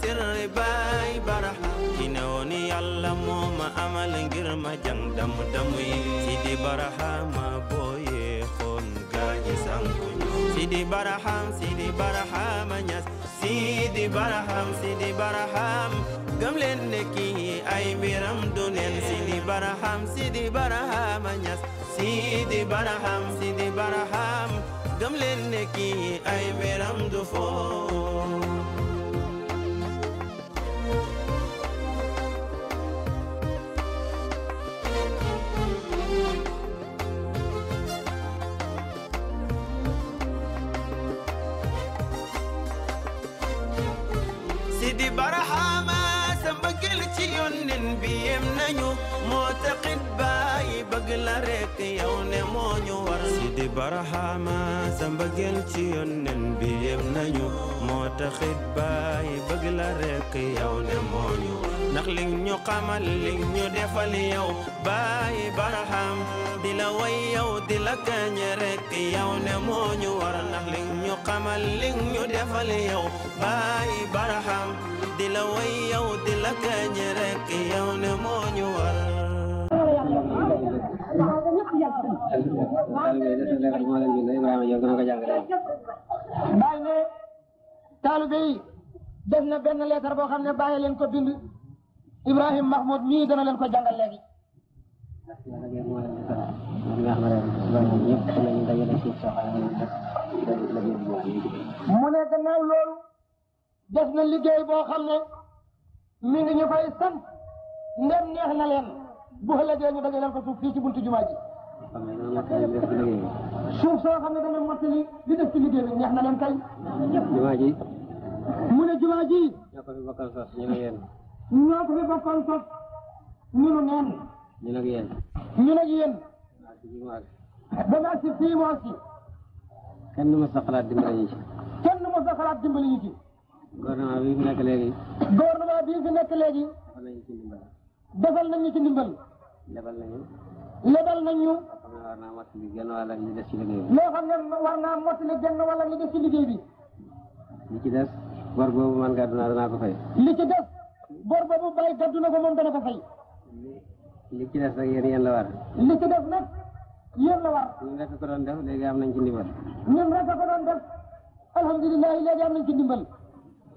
sirri bai bara ina woni allah moma amalin girma jang damu damu sidi ma boye kon gaji sankunyo sidi baraham sidi baraham nyas sidi baraham sidi baraham gamlen neki ay miram dunen sidi baraham sidi baraham nyas sidi baraham sidi baraham gamlen neki ay miram dufo يمنيو معتقد bëgg la rekk yow ne moo ñu war Sidi Barahama sa mbëggeel ci yónneen bi yem nañu moo taxit bàyyi bëgg la rekk yow ne moo ñu war ndax li ñu xamal li ñu defal yow bàyyi Baraham di la way yow di la gaañe rekk yow ne moo ñu war ndax li ñu xamal li ñu defal yow bàyyi Baraham di la way yow di la gaañe rekk yow ne moo ñu war bàyyi ne taalibe yi def na benn leetar boo xam ne bàyyi leen ko bind Ibrahim Mahmoud mii dana leen ko jàngal léegi. mu ne na loolu def na liggéey boo xam ne mi ngi ñu koy sant ndem neex na leen bu xëlëgee ñu dajale ko suuf fii ci buntu jumaa ji. suuf soo xam ne dana mottali li def ci liggéey bi neex na leen kay. jumaa ji. mu ne jumaa ji. ñoo ko fi bokkal sos ñu ne yéen. ñoo ko fi bokkal sos ñu ne neen. ñu ne yéen. ñu ne yéen. dama si fii moo si. kenn mos a xalaat dimbali ñu ci. kenn mos a xalaat dimbali ñu ci. gouvernement bii fi nekk léegi. gouvernement bii fi nekk léegi. defal nañu ci ndimbal. defal nañu ci ndimbal. lebal nañu. lebal nañu. war naa mottali genn wàll ak li des ci liggéey bi. loo xam ne war naa mottali genn wàll ak li des ci liggéey bi. li ci des bor boobu man gàddu naa ko fay. li ci des bor boobu bàyyi gàddu na ko moom dana ko fay. li ci des nag yéen yéen la war. li ci des nag yen la war. ne rek ko doon def léegi am nañ ci ndimbal. ñun rek ko doon def am na ci ndimbal.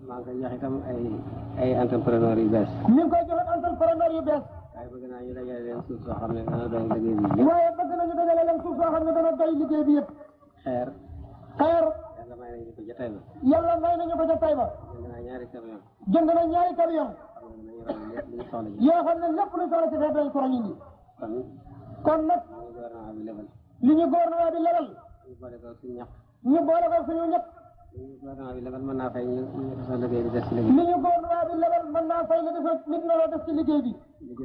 maa ngi koy ay ay entrepreneur waaye bëgg nañu dajale leen suuf soo xam ne dana doy liggéey bi yëpp. waaye bëgg nañu dajale leen suuf soo xam ne dana doy liggéey bi yëpp. xeer. xeer. yàlla may nañu ko ca Taïba. yàlla may nañu ko ca Taïba. jënd na ñaari camion. jënd na ñaari camion. yoo xam ne lépp lu soxla ci xeet lañ ko roñi nii. kon. kon nag. li ñu gouvernement bi lebal. li ñu gouvernement bi lebal. ñu boole ko suñu ñaq. ñu boole ko suñu ñaq. gouvernement bi lebal mën naa fay ñu defal liggéey bi des ci liggéey bi. li ñu gouvernement bi lebal mën naa fay li defal li ñu la def ci liggéey bi. li ci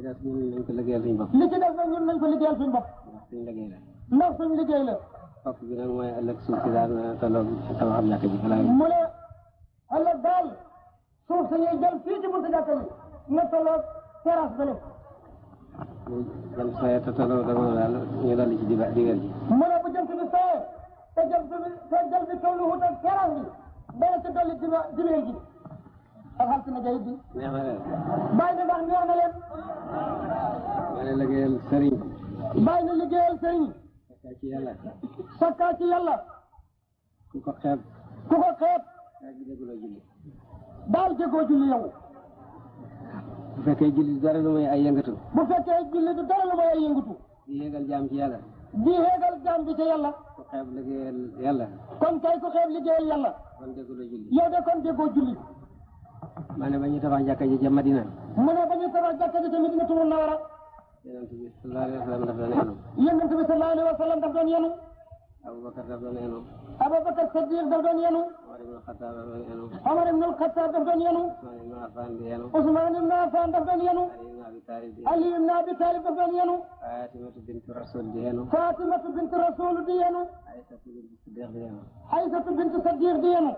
des ñun lañ ko liggéeyal suñu bopp. li ci des nag ñun lañ ko liggéeyal suñu bopp. ndax suñu liggéey la. ndax suñu liggéey la. fokk bi nag mooy ëllëg suuf si daal na tolloog tabaxam jàkk ji. mu ne ëllëg daal suuf si ñuy jël fii ci buntu jàkk ji na tolloog terrasse ba lépp. bu jant sooyee te tolloo dama daal ñu dolli ci digal ji. mu ne bu jant bi sooyee تجلسونه تذكره بين تدل دميجي xam ci na jayit bi bàyyi na ndax neex na leen bàyyi na liggéeyal sëriñ Bay na liggéeyal sëriñ sakkaa ci yàlla sakkaa ci yàlla ku ko xeeb ku ko xeeb daal jégoo julli yow bu fekkee julli dara lu may ay yëngatu bu fekkee julli du dara lu may ay yëngatu di yëgal jaam ci yàlla di xeebal jaam bi ca yàlla. ku xeeb liggéeyal yàlla. kon kay ku xeeb liggéeyal yàlla. kon dégguloo julli. yow de kon déggoo julli. ma ne ba ñu tabax jàkka ji Madina. mu ne ba ñu tabax jàkka ji ca Madinatu Munawara. yonent bi sallallahu alayhi wa sallam daf doon yenu. yonent bi sallallahu alayhi wa daf doon yenu. عمر بن الخطاب دفن ينو عثمان بن عفان دفن ينو علي بن ابي طالب دفن ينو فاطمة بنت رسول دينو فاطمة بنت عائشة بنت صديق دينو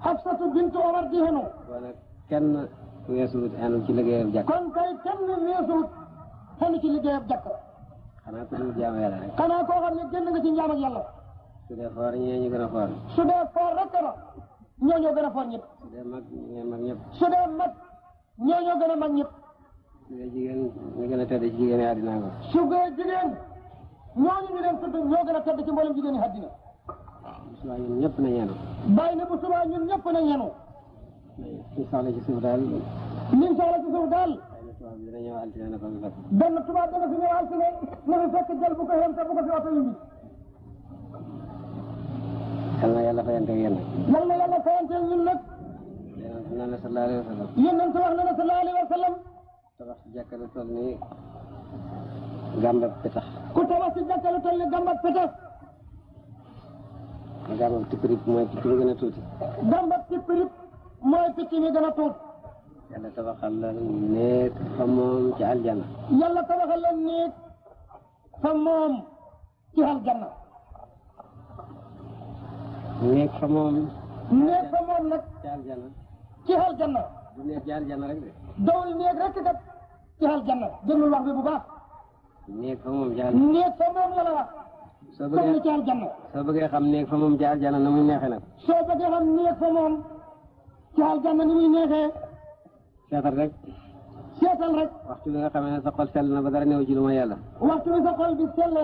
حفصة بنت عمر دينو حفصة كان ويسود انا كي لغي بجاك كون كي كان ويسود كي لغي بجاك خنا كو جامع يالا خنا كو خامني su dee foor ñee ñu gën a foor su dee foor rek la ñoo ñoo gën a foor ñëpp su dee mag ñu gën a mag ñëpp su dee mag ñoo ñoo gën a mag ñëpp su dee jigéen ñu gën a tedd ci jigéen yi àddina ko su dee jigéen ñooñu ñu leen tudd ñoo gën a tedd ci mboolem jigéen yi àddina bu subaa ñun ñëpp na yenu bàyyi na bu subaa ñun ñëpp na yenu ñu soxla ci suuf daal ñu soxla ci suuf daal benn tubaab dana fi ñëw altine na fi fekk jël bu ko yem te bu ko fi oto yi yal na yàlla fayante yéen nag. yal na yàlla fayante ñun nag. yéen a ngi sallallahu alayhi wa sallam. yéen a ngi wax ne sallallahu alayhi wa sallam. tabax si jàkka lu toll nii gàmbab petax. ku tabax si jàkka lu toll nii gàmbab petax. gàmbab tipirip mooy picc mi gën a tuuti. gàmbab tipirip mooy picc mi gën a tuuti. yàlla tabaxal la néeg fa moom ci aljanna. yàlla tabaxal la néeg fa moom ci aljanna. नेकमो नेकमो नक चार जन केहल जन दुनिया चार जन रख दे दौल नेक रख के केहल जन जन लंग बे बुबा नेकमो जन नेकमो जन सब के चार जन सब के हम नेकमो चार जन नमी ने खाना सब के हम नेकमो चार जन नमी ने है सेतर रख सेतर रख वक्त ने खाने से कल चलना बदरने वजलमा याला वक्त ने से कल बिसल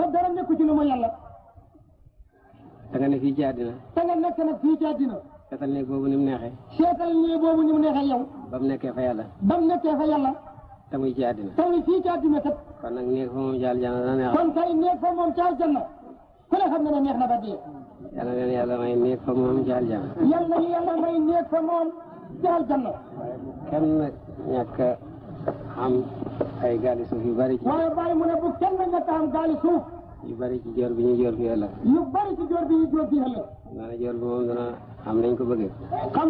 बदरने कुछ लमा याला da nga ne fii ci àddina da nga nekk nag fii ci àddina seetal ne boobu ni mu neexee seetal ne boobu ni mu neexee yow ba mu nekkee fa yàlla ba mu nekkee fa yàlla te muy ci àddina te muy fii ci àddina kat kon nag neex fa moom ci àljana dana neex kon kay neex fa moom ci àljana ku ne xam na ne neex na ba dee yàlla leen yàlla may neex fa moom ci àljana yàlla yàlla may neex fa moom ci àljana kenn ñàkk a am ay gaali suuf yu bari waaye bàyyi mu ne bu kenn ñàkk a am gaali suuf yu bari ci joor bi ñu joor fii ëllëg. yu bari ci joor bi ñuy joor fii ëllëg. xam ko bëggee. xam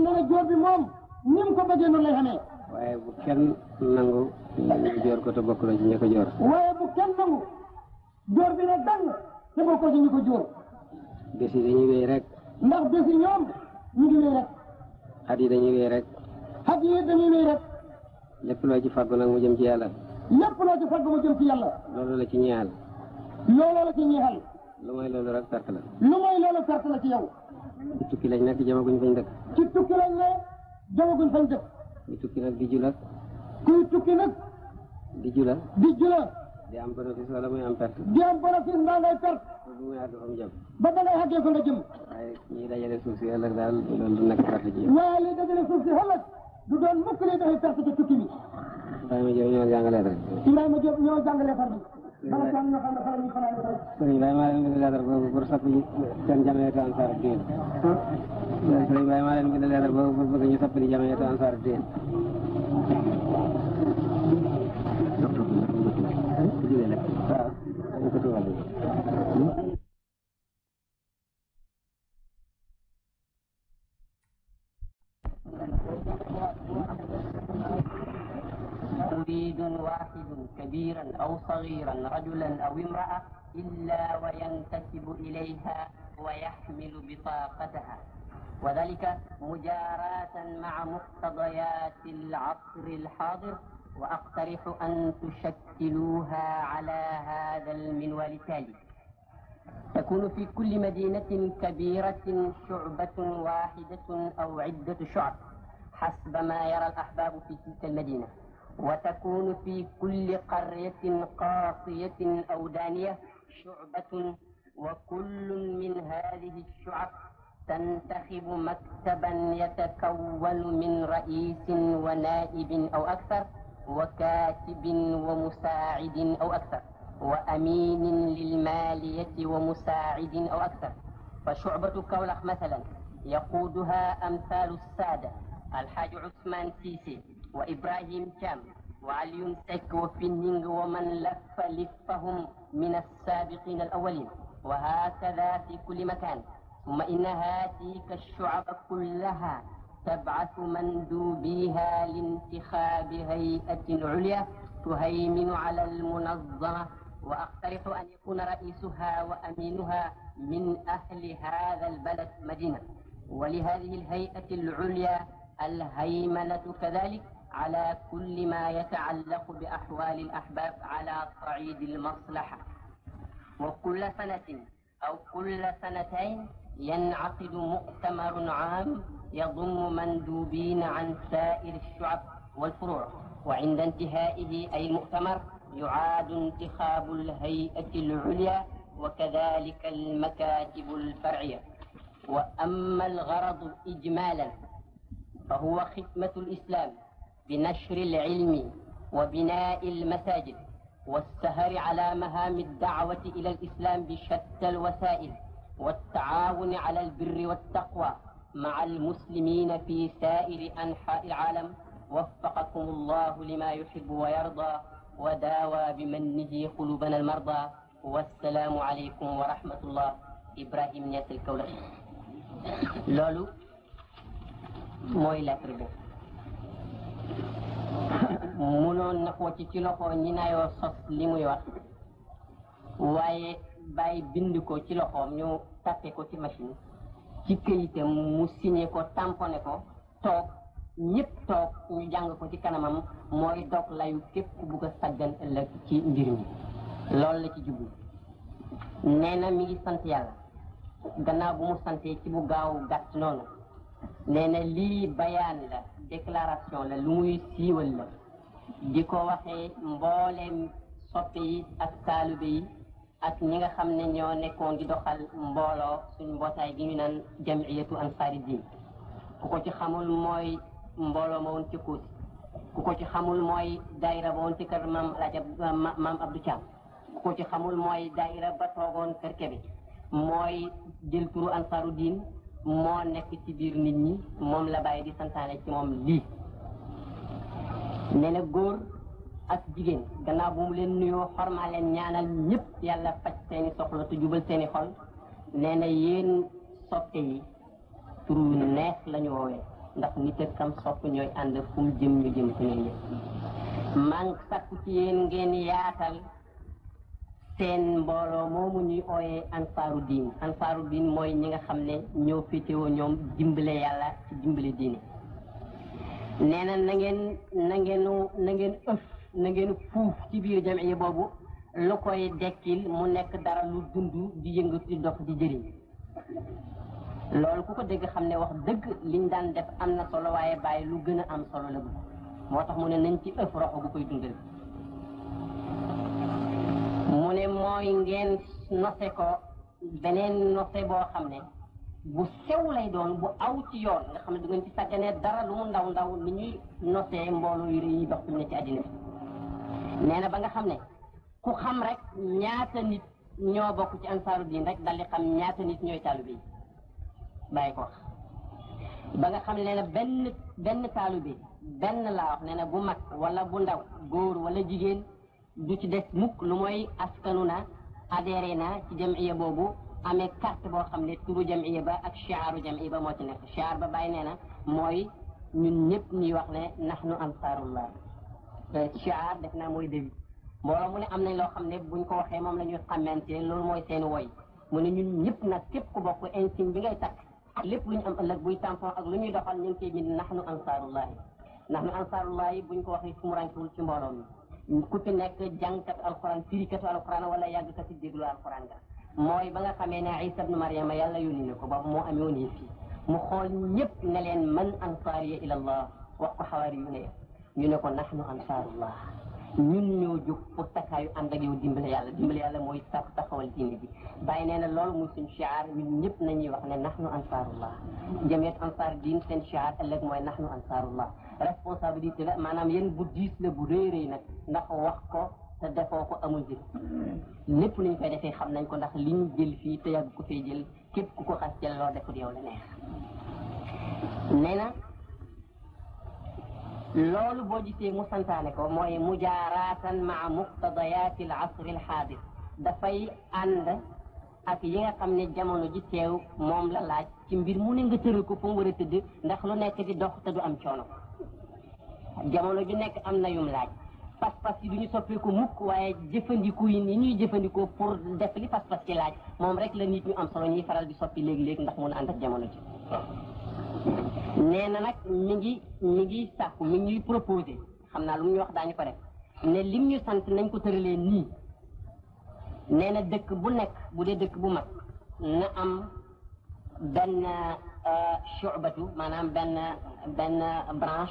bi ko bëggee waaye bu kenn nangu ñu joor ko te bokk na ci ñi bi ne dang te bokk rek. ndax bés yi dañuy wéy rek. yi dañuy wéy ci fàggu nag mu jëm ci yàlla. lépp la ci ñaal. looloo la ci ñeexal. lu mooy loolu rek perte la. lu mooy loolu perte la ci yow. ci tukki lañ nekk jëmaguñ fañ dëkk. ci tukki lañ ne jëmaguñ fañ dëkk. kuy tukki nag di jula. kuy tukki nag. di jula. di jula. di am bénéfice wala muy am perte. di am bénéfice mbaa ngay perte. ba muy àgg fa mu jëm. ba ba ngay àggee fa nga jëm. waaye ñiy dajale suuf si ëllëg daal loolu du nekk perte ci yow. waaye liy dajale suuf si ëllëg du doon mukk liy dafay perte ci tukki bi. Ibrahima Diop ñoo jàngalee rek. Ibrahima Diop ñoo jàngalee far bi. sëriñ Baye maa leen bind lettre boobu pour soppi seen jamiatu ansaar diin sëriñ Baye أو صغيرا رجلا أو امرأة إلا وينتسب إليها ويحمل بطاقتها وذلك مجاراة مع مقتضيات العصر الحاضر وأقترح أن تشكلوها على هذا المنوال التالي تكون في كل مدينة كبيرة شعبة واحدة أو عدة شعب حسب ما يرى الأحباب في تلك المدينة وتكون في كل قرية قاصية أو دانية شعبة وكل من هذه الشعب تنتخب مكتبا يتكون من رئيس ونائب أو أكثر وكاتب ومساعد أو أكثر وأمين للمالية ومساعد أو أكثر فشعبة كولخ مثلا يقودها أمثال السادة الحاج عثمان سيسي وإبراهيم كام وعليون سك وفينينغ ومن لف لفهم من السابقين الأولين وهكذا في كل مكان ثم إن هاتيك الشعب كلها تبعث مندوبيها لانتخاب هيئة عليا تهيمن على المنظمة وأقترح أن يكون رئيسها وأمينها من أهل هذا البلد مدينة ولهذه الهيئة العليا الهيمنة كذلك على كل ما يتعلق بأحوال الأحباب على صعيد المصلحة وكل سنة أو كل سنتين ينعقد مؤتمر عام يضم مندوبين عن سائر الشعب والفروع وعند انتهائه أي مؤتمر يعاد انتخاب الهيئة العليا وكذلك المكاتب الفرعية وأما الغرض إجمالا فهو خدمة الإسلام بنشر العلم وبناء المساجد والسهر على مهام الدعوة إلى الإسلام بشتى الوسائل والتعاون على البر والتقوى مع المسلمين في سائر أنحاء العالم وفقكم الله لما يحب ويرضى وداوى بمنه قلوبنا المرضى والسلام عليكم ورحمة الله إبراهيم ياس الكولخي لولو موي لاتر munoon na ko ci ci loxo ñi nayoo sos li muy wax waaye bàyyi bind ko ci loxoom ñu tapé ko ci machine ci këyitam mu signé ko tamponné ko toog ñëpp toog ñu jàng ko ci kanamam mooy dog layu képp bu ko saggan ëllëg ci mbir mi loolu la ci jublu nee na mi ngi sant yàlla gannaaw bu mu santee ci bu gaaw gàtt noonu nee na lii bayaan la déclaration la lu muy siiwal la di ko waxee mbooleem soppe ak taalibe yi ak ñi nga xam ne ñoo nekkoon di doxal mbooloo suñ mbootaay gi ñu naan jamiyatu ansaari diin ku ko ci xamul mooy mbooloo ma woon ci ku ko ci xamul mooy daayira ba woon ci kër maam laja ku ko ci xamul mooy daayira ba toogoon kër Kebe mooy jël turu ansaaru diin moo nekk ci biir nit ñi moom la bàyyi di santaane ci moom lii nee góor ak jigéen gannaaw bu mu leen nuyoo xormaa leen ñaanal ñëpp yàlla faj seeni soxla te jubal seeni xol nee na yéen soppe yi tur yu neex la ñu ndax nit ak kam sopp ñooy ànd fu mu jëm ñu jëm fu ñooy yëpp ci yéen ngeen yaatal seen mbooloo moomu ñuy ooyee ansaaru diin ansaaru diin mooy ñi nga xam ne ñoo féetewoo ñoom dimbale yàlla ci dimbale diine nee na na ngeen na ngeen na ngeen ëf fuuf ci biir jamiya boobu lu koy dekkil mu nekk dara lu dund di yëngu di dox di jëriñ loolu ku ko dégg xam ne wax dëgg liñ daan def am na solo waaye bàyyi lu gën a am solo la moo tax mu ne nañ ci ëf roxo bu koy dundal mu ne mooy ngeen nose ko beneen nose boo xam ne bu sew lay doon bu aw ci yoon nga xam ne du ngeen ci sàgganee dara lu mu ndaw ndaw ni ñuy nosee mbooloo yi rëy yi dox ne ci àddina bi na ba nga xam ne ku xam rek ñaata nit ñoo bokk ci ansaaru bii rek daldi xam ñaata nit ñooy taalibe yi bàyyi ko ba nga xam ne nee na benn benn taalibe benn laa wax nee bu mag walla bu ndaw góor wala jigéen du ci des mukk lu mooy askanu na adhéré na ci jamiya boobu amee carte boo xam ne turu jamiya ba ak chiaaru jamiya ba moo ci nekk chiaar ba bay nee na mooy ñun ñëpp ñuy wax ne nahnu ansaarullah chiaar def naa mooy devis mbooloo mu ne am nañ loo xam ne buñ ko waxee moom la ñuy xamante loolu mooy seen woy mu ne ñun ñëpp nag képp ku bokk insigne bi ngay takk lépp lu ñu am ëllëg buy tampon ak lu ñuy doxal ñu ngi koy bind nahnu ansaarullahi nahnu ansaarullahi buñ ko waxee fu mu ci mbooloo ku al nekk jàngkatu alxuraan firikatu alxuraan wala yàggkatu déglu alxuraan nga mooy ba nga xamee ne Isa ibnu Maryama yàlla yónni na ko ba moo amee woon fii mu xool ñëpp ne leen man ansaariya ila allah wax ko xawaari yu ne ñu ne ko nahnu ansaarullah ñun ñoo jóg pour takkaayu ànd ak yow dimbale yàlla dimbale yàlla mooy tax taxawal diine bi bàyyi nee na loolu muy suñ chiar ñun ñëpp nañuy wax ne nahnu ansaarullah jamiat ansaar diin seen chiar ëllëg mooy nahnu ansaarullah responsabilité la manam yéen bu diis la bu reey reey nak ndax wax ko te defo ko amul jël lépp lu fay defé xam nañ ko ndax li jël fi te yag ko fay jël kep ku ko xas jël loo defut yow la neex neena lolu bo jité mu santane ko mooy mujaaraatan ma muqtadayat al asri al xaadir dafay ànd ak yi nga xamne jamono ji tew mom la laaj ci mbir mu ne nga tëral ko fa mu war tëdd ndax lu nekk di dox te du am coono jamono ju nek am na yum laaj pas-pas yi duñu ñu ko mukk waye jëfëndiku yi ni ñuy jëfëndiko pour def li pas-pas ci laaj mom rek la nit ñu am solo ñi faral di soppi leg leg ndax mun na ànd ak jamono ji nee nak mi ngi mi ngi sàkku mi ngi proposer xamna lu ñu wax dañu ko def ne lim ñu sant nañ ko teurele ni nee dëkk bu nek bu de dëkk bu mag na am benn chubatu maanaam benn benn برانش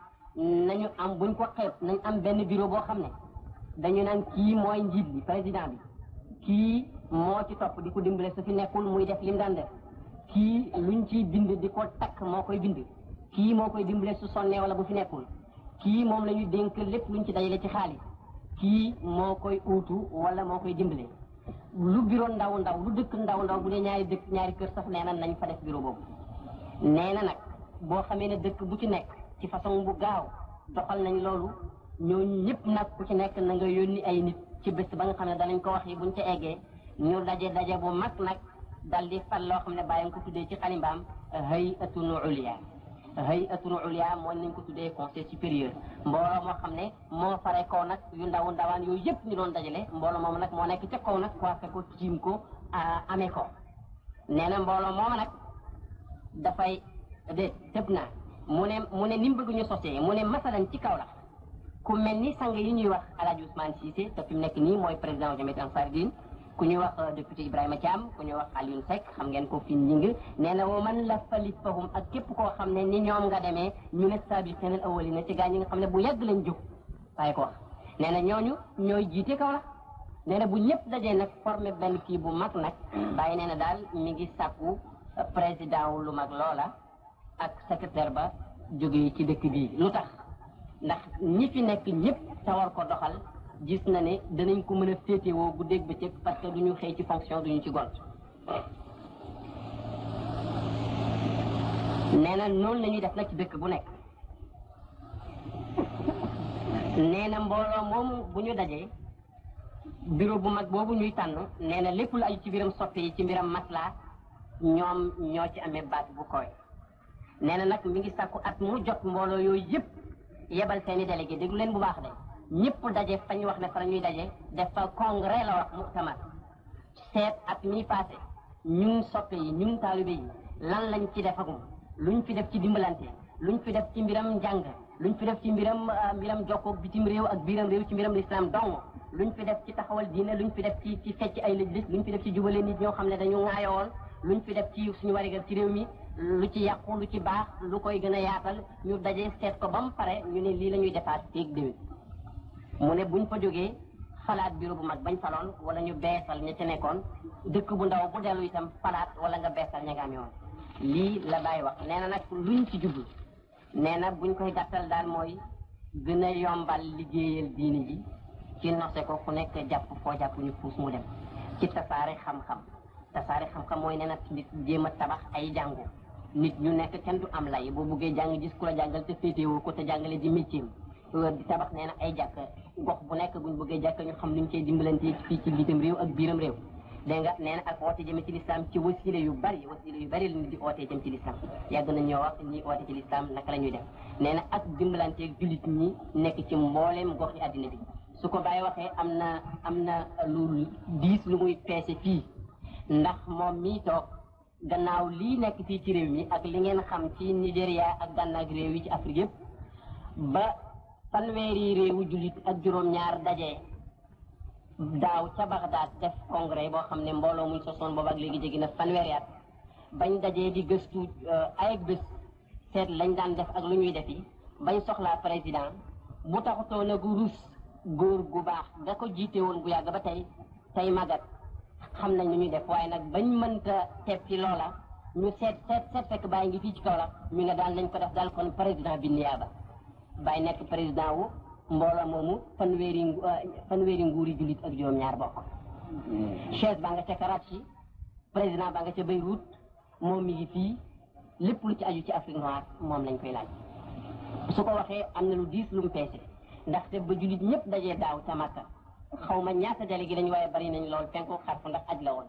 nañu am buñ ko xeeb nañ am benn bureau boo xam ne dañu naan kii mooy njiit bi président bi kii moo ci topp di ko dimbale su fi nekkul muy def lim daan def kii luñ ciy bind di ko takk moo koy bind kii moo koy dimbale su sonnee wala bu fi nekkul kii moom lañuy ñu dénk lépp luñ ci dajale ci xaalis kii moo koy uutu wala moo koy dimbale lu bureau ndaw ndaw lu dëkk ndaw ndaw bu dee ñaari dëkk ñaari kër sax nee na nañ fa def bureau boobu nee na nag boo dëkk bu ci nekk ci façon bu gaaw doxal nañ loolu ñooñu ñëpp nag ku ci nekk na nga yónni ay nit ci bés ba nga xam ne danañ ko wax yi buñ ci eggee ñu daje daje bu mag nag dal di fal loo xam ne bàyyi ko tuddee ci xalimbaam hay'atun ulya hay'atun ulya mooy nañ ko tuddee conseil supérieur mbooloo moo xam ne moo fare kaw nag yu ndawu ndawaan yooyu yëpp ñu doon dajale mbooloo moom nag moo nekk ca kaw nag coiffé ko tiim ko amee ko nee na mbooloo moom nag dafay de tëb mu ne mu ne ni mu bëgg ñu sosee mu ne masalan ci kaw la ku mel ni sang yi ñuy wax El Hadj Ousmane Cissé te fi nekk nii mooy président Jamiyatou Ansaaridine ku ñuy wax euh, député Ibrahima Thiam ku ñuy wax Alioune Seck xam ngeen ko fi njing nee na woo man la falit fahum ak képp koo xam ne ni ñoom nga demee ñu ne sabiqiina al-awwaliina ci ñi nga xam ne bu yàgg lañ jóg waaye ko wax nee na ñooñu ñooy jiite kaw la na bu ñëpp dajee nag formé benn kii bu mag nag bàyyi nee na daal mi ngi sàkku euh, président wu lu mag loola ak secrétaire ba jógee ci dëkk bii lu tax ndax ñi fi nekk ñëpp sawar war ko doxal gis na ne danañ ko mën a féetewoo guddeeg bëccëg parce que duñu xëy ci fonction duñu ci gont nee na noonu lañuy def nag ci dëkk bu nekk nee na mbooloo moomu bu ñu dajee bureau bu mag boobu ñuy tànn nee na lépp lu aju ci biram soppe yi ci mbiram masla ñoom ñoo ci amee baat bu koy nee na nag mi ngi sàkku at mu jot mbooloo yooyu yëpp yebal seeni délégué déglu leen bu baax de ñëpp daje fa ñu wax ne fa la ñuy daje def fa congrès la wax muktamar seet at mi passé ñun soppe yi ñun taalibe yi lan lañ ci lu ñu fi def ci lu luñ fi def ci mbiram njàng luñ fi def ci mbiram ah, mbiram jokkoog bitim réew ak biiram réew ci mbiram lislaam dong luñ fi def ci taxawal diine luñ fi def ci ci fecc ay lëjlis luñ fi def ci jubale nit ñoo xam ne dañu ŋaayowoon luñ fi def ci suñu warigal ci réew mi lu ci yàqu lu ci baax lu koy gën a yaatal ñu daje seet ko ba mu pare ñu ne lii lañuy defaat teeg déwén mu ne buñ ko jógee falaat bureau bu mag bañ faloon wala ñu beesal ña ci nekkoon dëkk bu ndaw bu dellu itam falaat wala nga beesal ña nga amee woon lii la bàyyi wax nee na nag luñ ci jublu nee na buñ koy gàttal daal mooy gën a yombal liggéeyal diini ji ci nose ko ku nekk jàpp foo jàpp ñu puus mu dem ci tasaare xam-xam tasaare xam-xam mooy nee na jéem a tabax ay jàngu nit ñu nekk kenn du am lay boo buggee jàng gis ku la jàngal te féetewoo ko te jàngale ji métier di tabax nee ay jàkk gox bu nekk guñ bëggee jàkk ñu xam nuñ cey dimbalante fii ci biitam réew ak na ak oote jëme yu bari wasila yu di ootee wax ñi ci lislaam naka la ñuy def nee na ak dimbalanteeg jullit ñi nekk ci mbooleem gox addina bi su ko bàyyi waxee am na am na lu diis lu muy peese fii ndax moom mii toog gannaaw li nekk fii ci réew mi ak li ngeen xam ci Nigéria ak gànnaak réew yi ci Afrique yëpp ba fanweeri réewu jullit ak juróom-ñaar daje daaw ca Bagdad def congrès boo xam ne mbooloo muñ sosoon boobu léegi jéggi na fanweeri at bañ dajee di gëstu euh, ay bés seet lañ daan def ak lu ñuy defi bañ soxlaa président bu taxutoon a gu rus góor gu baax da ko jiite woon gu yàgg ba tey tey magat xam nañ lu ñuy def waaye nag bañ mënta teppi loola ñu seet seet seet fekk baa ngi fii ci kaw la ñu ne daal nañ ko def daal kon président bi niyaaba bay nekk président wu mbooloo moomu fanweeri euh, fanweeri nguuri jullit ak juróom-ñaar bokk hmm. chaise baa nga ca Karachi président ba nga ca Beyrouth moom mi ngi fii lépp lu ci aju ci Afrique noire moom lañ koy laaj su ko waxee am na lu diis lu mu peese ndaxte ba jullit ñëpp dajee daaw ca Makka xaw ma ñaata délégué lañu waaye bari nañ lool penku xarfu ndax aj la woon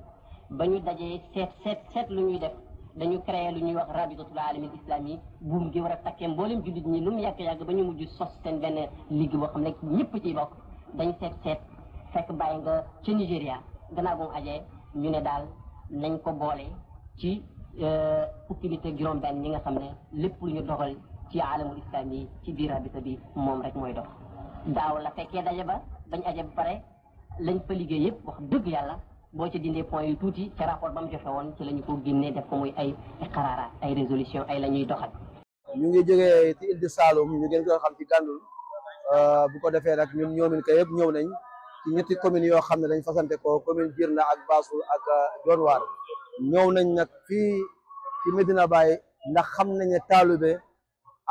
ba ñu dajee seet seet seet lu ñuy def dañu créé lu ñuy wax rabitatul alamin islam yi buum gi war a takkee mboolem jullit ñi lu mu yàgg-yàgg ba ñu mujj sos seen benn ligue boo xam ne ñëpp ci bokk dañ seet seet fekk bàyyi nga ca Nigéria gannaaw bu mu ajee ñu ne daal nañ ko boolee ci euh, fukki nit ak juróom benn ñi nga xam ne lépp lu ñu doxal ci alamul islam yi ci biir rabita bi moom rek mooy dox daaw dañ aje ba pare lañ fa liggéey yëpp wax dëgg yàlla boo ci dindee point yu tuuti ca rapport ba mu joxe woon ci la ñu ko génnee def ko muy ay xaraara ay résolution ay la ñuy doxal. ñu ngi jógee ci île de Saloum ñu gën koo xam ci euh, bu ko defee nag ñun ñoomin ko yëpp ñëw nañ ci ñetti communes yoo xam ne dañ fasante ko commune na ak Bassoul ak euh, Dionewar ñëw nañ nag fii ci Medina Baye ndax xam nañ ne taalube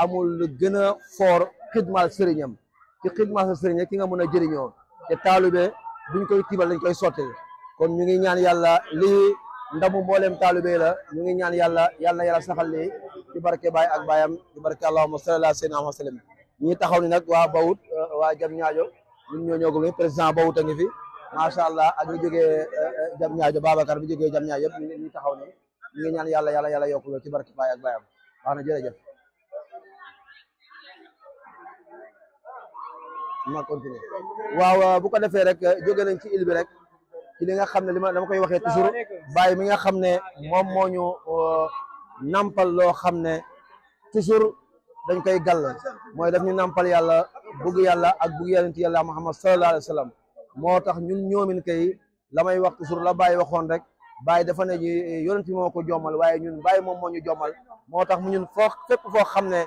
amul lu gën a fort xidmaal sëriñam ci xidma sa sëriñ ki nga mën a jëriñoo te taalube duñ koy tibal dañ koy sotte kon ñu ngi ñaan yàlla li ndamu mbooleem taalube la ñu ngi ñaan yàlla yàlla na yàlla saxal lii ci barke baay ak baayam ci barke allahumma salli ala sayyidina Muhammad sallam ñi taxaw ni nag waa Bawut waa jam ñaajo ñun ñoo ñoo gëm président Bawut a ngi fi macha allah ak ñu jógee jam eh, eh, ñaajo Babacar bi jógee jam ñaajo yëpp ñu taxaw ni ñu ngi ñaan yàlla yàlla yàlla yokku ci barke baay ak baayam wax na jërëjëf ma continuer waaw bu ko defee rek eh, jóge nañ ci île bi rek ci li nga xam ne li ma dama koy waxee toujours bàyyi mi nga xam ne moom moo ñu nampal loo xam ne toujours dañ koy gàll mooy daf ñu nampal yàlla bugg yàlla ak bugg yàlla ci yàlla Muhammad sallallahu alayhi wa sallam moo tax ñun ñoomin kay la may wax toujours la bàyyi waxoon rek bàyyi dafa ne eh, yonent bi moo ko jommal waaye ñun bàyyi moom moo ñu jommal moo tax mu ñun foo fépp foo xam ne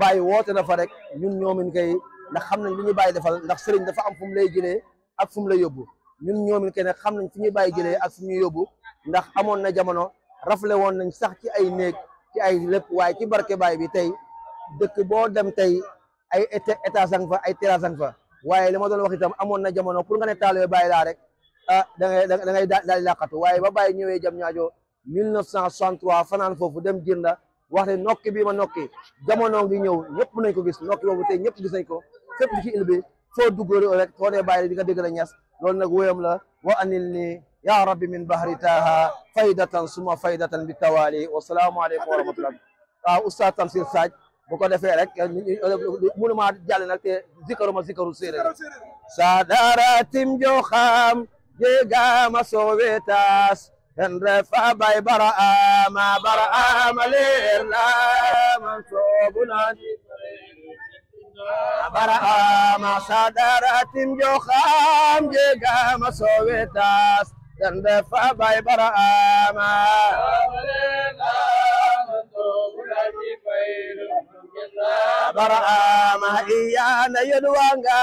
bàyyi woote na fa rek ñun ñoomin kay ndax xam nañ li ñu bàyyi defal ndax sëriñ dafa am fu mu lay jëlee ak fu mu lay yóbbu ñun ñoom it kenn xam nañ fi ñuy bàyyi jëlee ak fu ñuy yóbbu ndax amoon na jamono rafle woon nañ sax ci ay néeg ci ay lépp waaye ci barke baay bi tey dëkk boo dem tey ay état sang fa ay terrasse sang fa waaye li ma doon wax itam amoon na jamono pour nga ne taalibe Baay laa rek ah da ngay da ngay daal di làqatu waaye ba Baay ñëwee jam ñaajo 1963 fanaan foofu dem jënd wax ne nokki bii ma nokki jamono ngi ñëw ñëpp nañ ko gis nokki boobu tey ñëpp gis nañ ko fépp di ci il bi foo dugg rek foo dee bàyyi di nga dégg la ñas loolu nag wéyam la wa anil ni ya rabbi min bahri taaha faydatan suma faydatan bi tawaali wasalaamualeykum wa rahmatullah waaw ah, oustaz Tamsir Saaj bu ko defee rek eh, munu maa jàll nag te zikaru ma zikaru séeréer sadaratim joxam jegaama soowetaas en refa bay baraama baraama leer laaman soobunaan برا ما صدرت جوخام جيغا ما سويتاس تندفع باي برا ما برا ما إيانا يدوانغا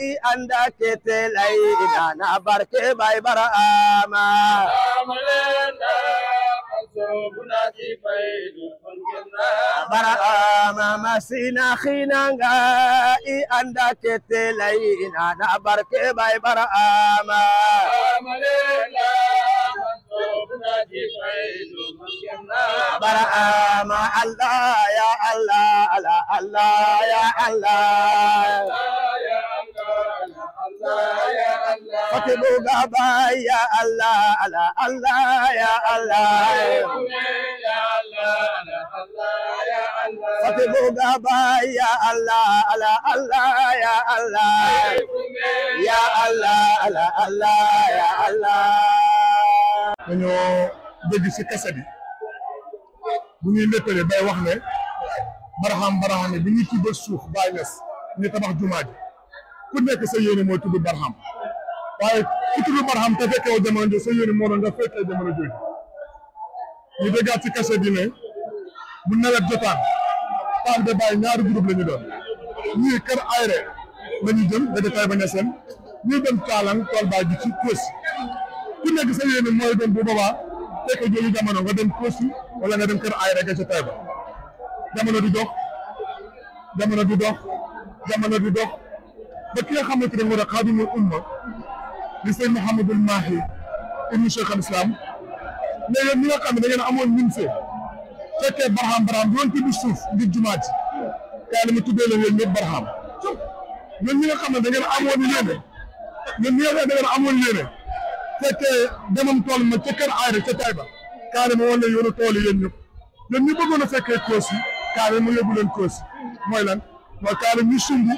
إي أندا كتل أي إنا بركي باي برا ما barama masina khinanga i anda ketelaina na barke bay barama amalela barama allah ya allah ala allah ya allah فاتبوا غابا يا الله على الله يا الله فاتبوا غابا يا الله على الله يا الله يا الله على الله يا الله dañoo dégg si kese bi bu ñuy méttale bay wax ne baraxam baraxam bi ñu ci ba suuf bàyyi nes ñu tabax jumaa ji ku nekk sa yéene mooy tudd barxam waaye ku tudd barxam te fekkee jamono jooju sa yéene moo doon nga fekkee jamono jooju ñu déggaat ci cachet bi ne bu nawet jotaan taal bi bàyyi ñaari groupe la ñu doon ñii kër ayre la ñu jëm da tay ba ñeseen ñii dem taalang tool baay ji ci kóos ku nekk sa yéene mooy doon bu boobaa fekk jooju jamono nga dem kóosu wala nga dem kër ayre ga ca tay ba jamono du dox jamono du dox jamono du dox ba ki nga xamante ne moo di xaadimul umma di sëñ Mouhamadul Mahi ibnu Cheikh al Islam mais yéen ñi nga xam ne da ngeen amoon min fee fekkee barxaam barxaam doon tudd suuf ngir jumaat ji kaay la ma tuddee la yéen ñëpp barxaam ñun ñi nga xam ne da ngeen amoon yéene ñun ñi nga xam ne da ngeen amoon yéene fekkee demam tool ma ca kër aayra ca Taïba kaay la ma wan la yoonu tool yi yéen ñëpp yéen ñu bëggoon a fekkee koos yi kaay la ma yóbbu leen koos yi mooy lan mooy kaay la ñu sumb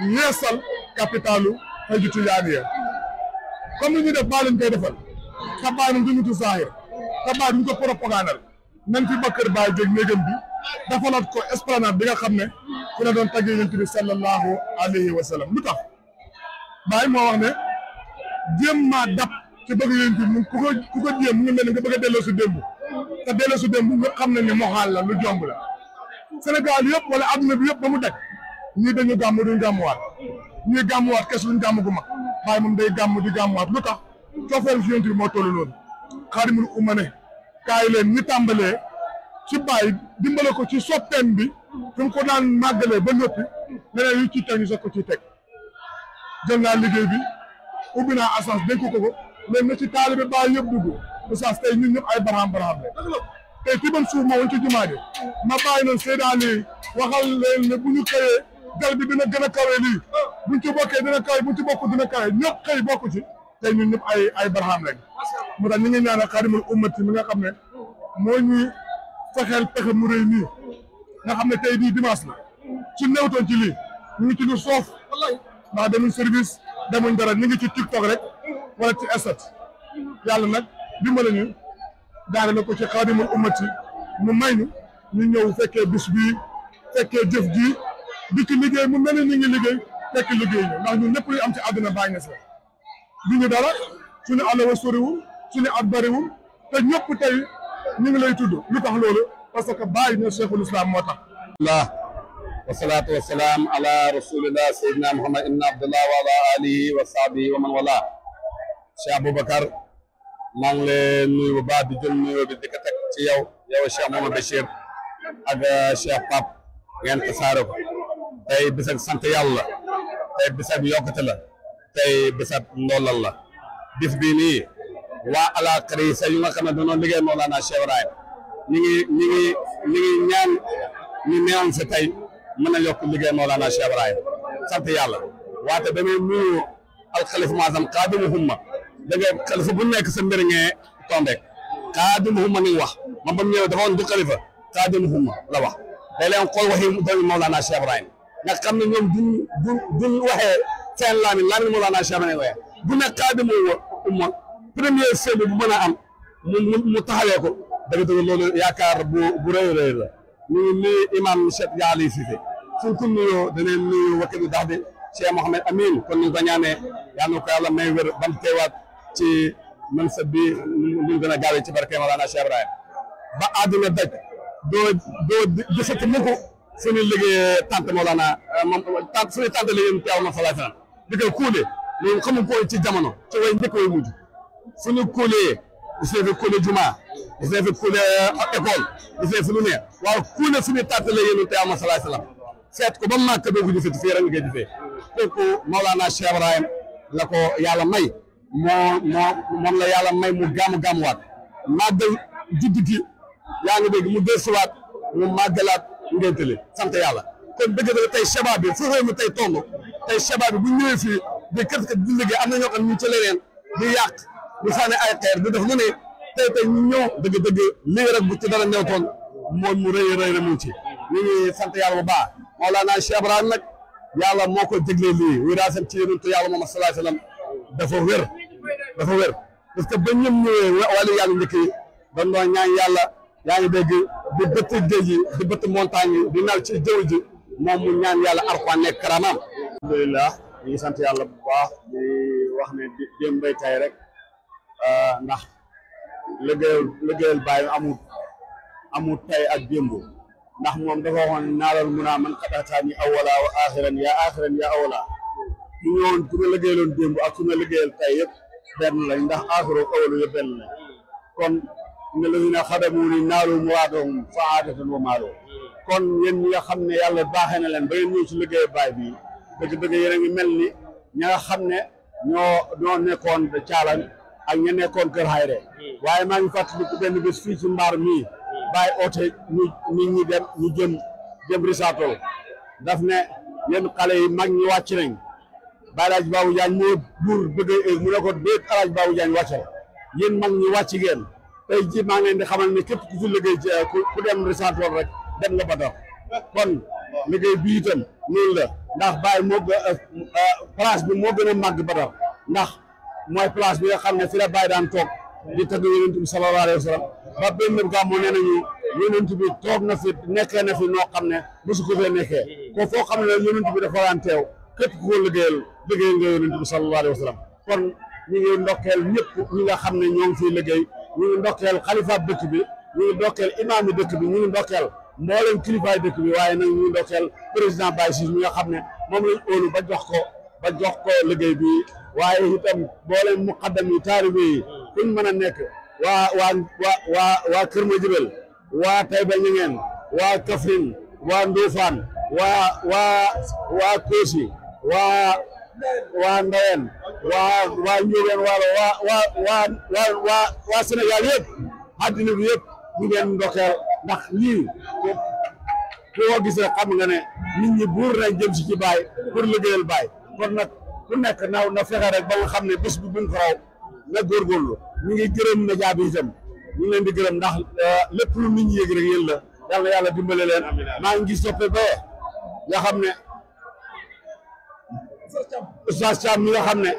yeesal capitalu xëy tijaaniya comme ni ñu def baa lañ koy defal xabaar yi du ñu tu saahir xabaar ñu ko propagandal nañ fi Bakar Baay jóg néegam bi ko esplanade bi nga xam ne fi la doon tàggee yonent bi sallallahu alayhi wa lu tax Baay moo wax ne jéem maa dab ci bëgg yonent bi mu ku ko ku ko jéem mu ngi mel ni bëgg a delloo si démb te delloo si démb nga xam ne ne moxaal la lu jomb la Sénégal yëpp wala adduna bi yëpp ba mu daj ñii dañu gàmm duñ gàmmuwaat ñii gàmmuwaat kes luñ gàmm gu mag waaye moom day gàmm di gàmmuwaat lu tax coofeel fi yonent bi moo toll loolu xaarimul umma ne kaay leen ñu tàmbalee ci bàyyi dimbale ko ci soppeem bi fi mu ko daan màggalee ba noppi leneen yu ciy teg ñu soog ko ciy teg jël naa bi ubbi naa assance dénk ko ko léegi na ci taalibe bàyyi yëpp dugg assance tey ñun ñëpp ay baraam baraam la tey ci ban suuf ci jumaa ma bàyyi noonu Seydina waxal leen ne dal bi na gën a kawe lii ah. buñ ci bokkee dina kawe buñ ci bokk dina kawe ñëpp xëy bokku ci tey ñun ñëpp ay ay barxaam lañ moo tax ñu ngi ñaanal ummati mi nga xam ne moo ñuy fexeel pexe mu rëy nii nga xam ne tey nii dimanche la ci néewtoon ci lii ñu ngi ci lu soof ndax demuñ service demuñ dara ñu ngi ci tiktok rek wala ci estat yàlla nag dimbale ñu daare la ko ci xaadimul ummati mu may ñu ñu ñëw fekkee bis bii fekkee jëf ji dikk liggéey mu mel ni liggéey fekk liggéey ñu ndax ñun lépp luy am ci àdduna bàyyi na si du ñu dara suñu àll wa soriwul suñu at bariwul te ngi lay tudd lu tax loolu parce que bàyyi na cheikhul islam moo tax lah wasalaatu wasalaam ala rasulillah sayyidina muhammad ibn abdullah wa alihi wa sahbihi wa man wala cheikh aboubacar maa ngi lay nuyu di jël ci yow yow cheikh mohamad tey bisab sant yàlla tey bisab yokkate la tey bisab ndollal la bis bii nii waa alaaxira yi sa yu nga xam ne dañoo liggéey ñaan ñu neewoon fi tey mën a yokk liggéey Mawlana Cheikh Ibrahim sant yàlla waate ba muy nuyu alxalifu maasam xaadimuhumma da ngay xalifa bu nekk sa mbir ngee tombeek xaadimuhumma ni wax man ba mu ñëwee dafa woon du xalifa xaadimuhumma la wax day leen xool waxi doomi Mawlana nga xam ne ñoom duñ duñ duñ waxee seen laamin laamin moo laa naa chamane waye bu ne xaadimu umma premier feeb bu mën a am mu mu taxawee ko dëgg dëgg loolu bu bu rëy la ñu ngi nuyu imam Cheikh Yaali Cissé suñ ko nuyoo danee nuyu wakkati dax bi Cheikh Mohamed Amin kon ñu ko ñaanee yal ko yàlla may wér bam teewaat ci man sa bi ñu gën a gaawee ci barke Mawlana Cheikh Ibrahim ba àdduna daj doo doo gisati mukk suñu liggéey tante Mawlana euh, moom tante suñu tante liggéeyam teew na fa di koy kuule loolu xamu ko ci jamono ci way njëkk way mujj suñu kuulee gis nañ fi kuule juma gis nañ fi kuule euh, école gis nañ fi lu ne waaw kuule suñu tante liggéeyam teew na fa laay fanaan ko ba mu màgg doo ko jëfee fii rek nga koy jëfee kooku Mawlana Cheikh Ibrahim la ko yàlla may moo moo moom la yàlla may mu gàmmu gàmmuwaat màggal judd gi yaa ngi dégg mu desuwaat mu màggalaat. ngénteli sant yàlla kon dëgg dëgg tey Cheba bi fu xëy mi tey toll tey Cheba bi bu ñëwee fii di kër kër di liggéey am na ñoo xam ñu di yàq di sànni ay xeer di def lu ne tey ñu dëgg dëgg lii rek bu ci dara newtoon moom mu rëy rëy rek mu ci ñu ngi sant yàlla bu baax Mawlana Cheikh Ibrahim nag yàlla moo ko déglee lii wéraasam ci yonentu yàlla moom sallallahu alayhi wasallam dafa wér dafa wér parce que ba ñëm ñëwee wàllu yàlla njëkk ñaan yàlla yaa di bëtt géej yi di montagne yi di ci jëw moom mu ñaan yàlla Alxuraan nekk karamaam alhamdulilah ñu ngi sant yàlla bu baax di wax ne démb bay tay rek euh, ndax liggéeyal liggéeyal bàyyi amul amul tay ak démb ndax moom dafa waxoon naalal mun naa man xataataani awala wa axiran yaa axiran yaa awala ñu ñëwoon ku ma liggéeyaloon démb ak ku ma liggéeyal tay yëpp benn lañ ndax axiro awalu yëpp benn lañ kon inna lazina xadamu ni naalu muraadahum saadatan wa maalu kon yéen ñi nga xam ne yàlla baaxee na leen ba ngeen ñëw ci liggéey baay bi dëgg-dëgg yéen mel ni ña nga xam ne ñoo ñoo nekkoon caalan ak ña nekkoon kër xayre waaye maa ngi fàttaliku benn bés fii ci mbaar mii baay oote ñu ñi dem ñu jëm jëm risaato daf ne yéen xale yi mag ñi wàcc nañ ba alaaj baabu jaañ moo buur bëgg mu ne ko déet alaaj baabu jaañ wàccal yéen mag ñi wàcc ngeen tey jii maa ngi xamal ne képp ku fi liggéey ci eh, ku dem Richard Toll rek dem nga Bator kon liggéey bi itam noonu la ndax Baye moo eh, eh, place bi moo gën a màgg Bator ndax mooy place bi nga xam ne fi la Baye daan toog di tëgg yonent bi sallallahu alayhi wa sallam ba benn gàmmu nee nañu yonent bi toog na fi nekkee na fi noo xam ne mosu ko fee nekkee ko foo xam ne yonent bi dafa daan teew képp ku ko liggéeyal liggéeyal nga yonent bi wa sallam kon ñu ngi ñëpp ñi nga xam ne ñoo ngi fiy ñu ngi ndokkeel xalifa dëkk bi ñu ndokkeel imaam dëkk bi ñu ngi ndokkeel mboolem kilifaay dëkk bi waaye nag ñu ngi ndokkeel président Baye Ciss mi nga xam ne moom lañ óolu ba jox ko ba jox ko liggéey bi waaye itam mboolem muqaddam i taalibe yi kuñ mën a nekk waa waa waa waa waa Kër Madiabel waa Taïba waa Kaffrine waa Ndofane waa waa waa waa waa Ndoyen waa waa Ndiobène Walo waa waa waa waa waa waa Sénégal yëpp bi yëpp ñu leen ndokkeel ndax lii ku ko gis rek xam nga ne nit ñi buur na jëm si ci baay pour liggéeyal baay kon nag ku nekk na na fexe rek ba nga xam ne bés bu buñ na góorgóorlu ñu ngi gërëm média bi itam ñu ngi leen di gërëm ndax euh, lépp lu nit ñi yëg rek yéen la yàlla yàlla dimbale leen maa ngi gis soppe ba nga xam ne Oustaz Thiam mi nga xam ne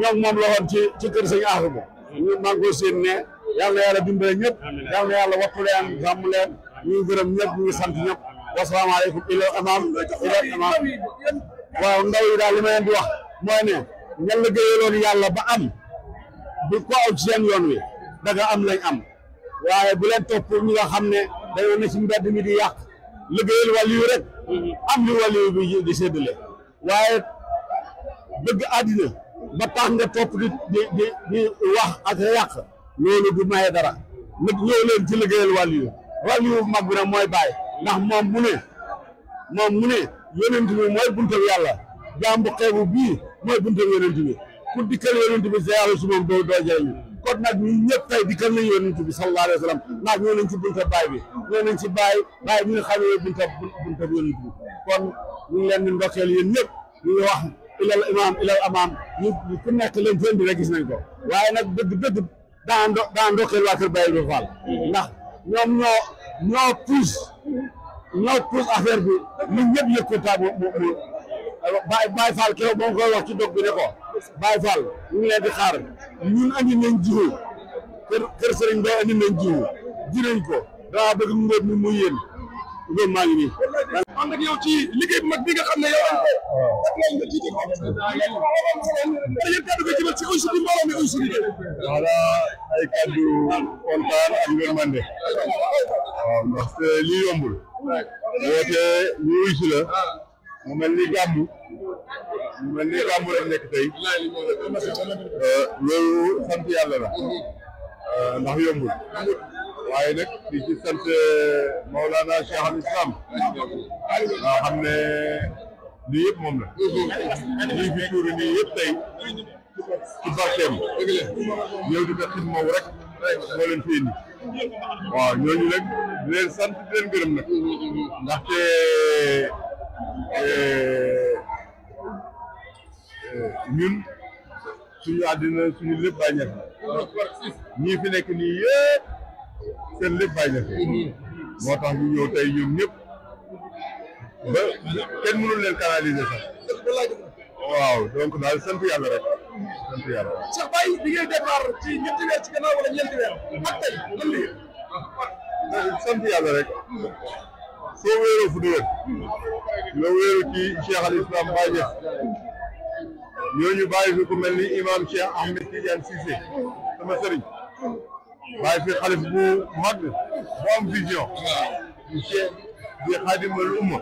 ñoom moom la woon ci ci kër sëñ bu ñu maa ko séen ne yal na yàlla dimbale ñëpp yal na yàlla wattu leen gàmm leen ñu ngi gërëm ñëpp ñu ngi sant ñëpp wasalaamaaleykum ilo amaam ilo amaam waaw ndaw yi daal li ma leen di wax mooy ne ña liggéeyaloon yàlla ba am bu ko aw ci seen yoon wi da am lañ am waaye bu leen topp ñi nga xam ne dañoo ne ci mbedd mi di yàq liggéeyal wàllu rek am li wàllu bi di séddale waaye bëgg àddina ba tax nga topp di di di di wax ak yàq loolu du maye dara nag ñëw leen ci liggéeyal wal yu wàll yu mag bi nag mooy bàyyi ndax moom mu ne moom mu ne yonent bi mooy buntab yàlla jaam bu xeebu bii mooy buntab yonent bi ku dikkal yonent bi sa yàlla su moom doo doo jëriñu kon nag ñu ñëpp tey dikkal nañ yonent bi sallallahu alayhi wa sallam ndax ñoo nañ ci buntab baay bi ñoo nañ ci baay baay bi nga xam ne buntab buntab kon ñu ngi leen di ñu ngi wax ilal imaam ilal amaam ñu nekk leen fën di rek gis nañ ko waaye nag dëgg dëgg daa ndo daa ndokkeel waa kër Baye Ibrahima Fall ndax ñoom ñoo ñoo pousse ñoo pousse affaire bi ñun ñëpp yëg ko taa mu mu Baye Baye wax ci dog bi ne ko Baye Fall ñu ngi leen di xaar ñun andi nañ jiwu kër kër Serigne Baye andi nañ jiwu ji nañ ko daa bëgg ngóob mi mu yéen ngóob maa ànd ak yow mag bi nga xam ne yow lañ ko ak lañ nga jiite ko te yéen kàddu nga jëmal ci aussi bi mbooloo mi aussi liggéey voilà ay kàddu kontaan ak ngërmande yombul woote ñu uysi la mu mel ni gàmmu mu mel ni gàmmu rek nekk tey euh, loolu sant yàlla euh, yombul waaye nag di ci sant e, Maolana Cheikh al Islam nga xam e, e, ne lii yëpp moom la lii fi tuuri nii yëpp tey ci barkeem ñëw di def xidma wu rek moo leen fi indi waaw ñun suñu àddina suñu lépp bàññeek ñii fi nekk nii yëpp seen lépp bàyyi na moo tax ñu ñëw tey ñoom ñëpp kenn mënul leen canaliser waaw donc daal sant yàlla rek sant yàlla rek. Cheikh soo wéeroo fu du wér wéeru ci Cheikh al Islam Baye Niass ñooñu bàyyi fi mel ni imam Cheikh Ahmed Tidiane Cissé sama sëriñ waaye fi xalif bu mag bu vision di Cheikh di xaadimal umma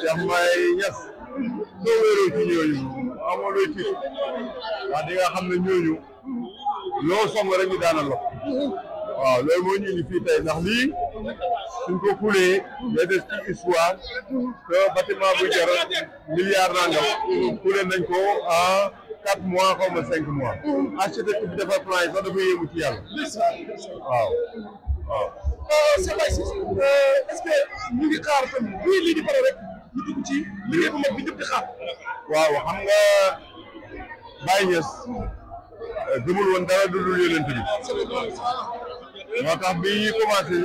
Cheikh Maye Niass ci ñooñu amoo looy tiit wax di nga xam ne ñooñu loo song rek ñu daana moo ñu indi fii tey lii suñ ko kulee day des ci histoire te bâtiment bu jar milliard nangam kule nañ ko quatre mois xaw ma cinq mois. Mm-hmm. architecte bi defar plan yi sax dafay yëngu waaw waaw. Euh, euh, ce que ñu ngi xaar tamit buy lii di pare rek ñu dugg ci liggéey bu mag bi ñëpp di xaar. waaw xam nga Baye Niass euh, gëmul woon dara du dul yonent bi. moo tax bi ñuy commencé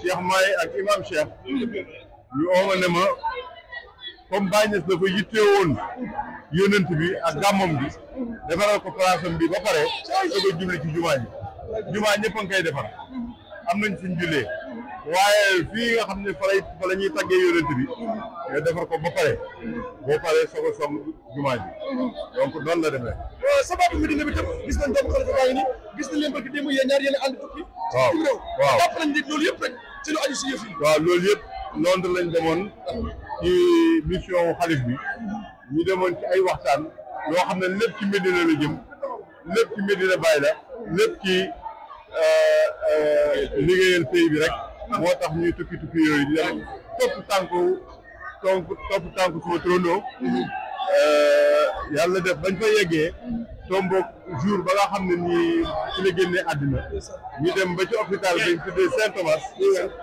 Cheikh May ak Imam Cheikh ñu oo comme Baye Niass dafa yitte woon yonent bi ak gàmmam bi defaral ko place bi ba pare soo ko julli ci jumaa ji jumaa ñëpp a ngi koy defar am nañ fuñ jullee waaye fii nga xam ne fa lay ñuy tàggee yonent bi nga defar ko ba pare boo paree soog a song jumaa ji donc noonu la demee. Euh, sabab bi dina bi tam gis nañ doomu xalifa baa ngi ni gis nañ ñaar yéen ànd tukki. waaw waaw nañ ne loolu yëpp rek ci lu aju waaw loolu yëpp Londres lañ demoon. ci mission xalif bi ñu demoon ci ay waxtaan yoo xam ne lépp ci Medina la jëm lépp ci Medina Baye la lépp ci euh, euh, liggéeyal pays bi rek moo tax ñuy tukki tukki yooyu di topp tànku donc topp tànku suma turandoo euh, yàlla def bañ fa yeggee tomboog jour ba nga xam ne nii ci la génnee àddina ñu dem ba ci hôpital bi ñu tuddee Saint Thomas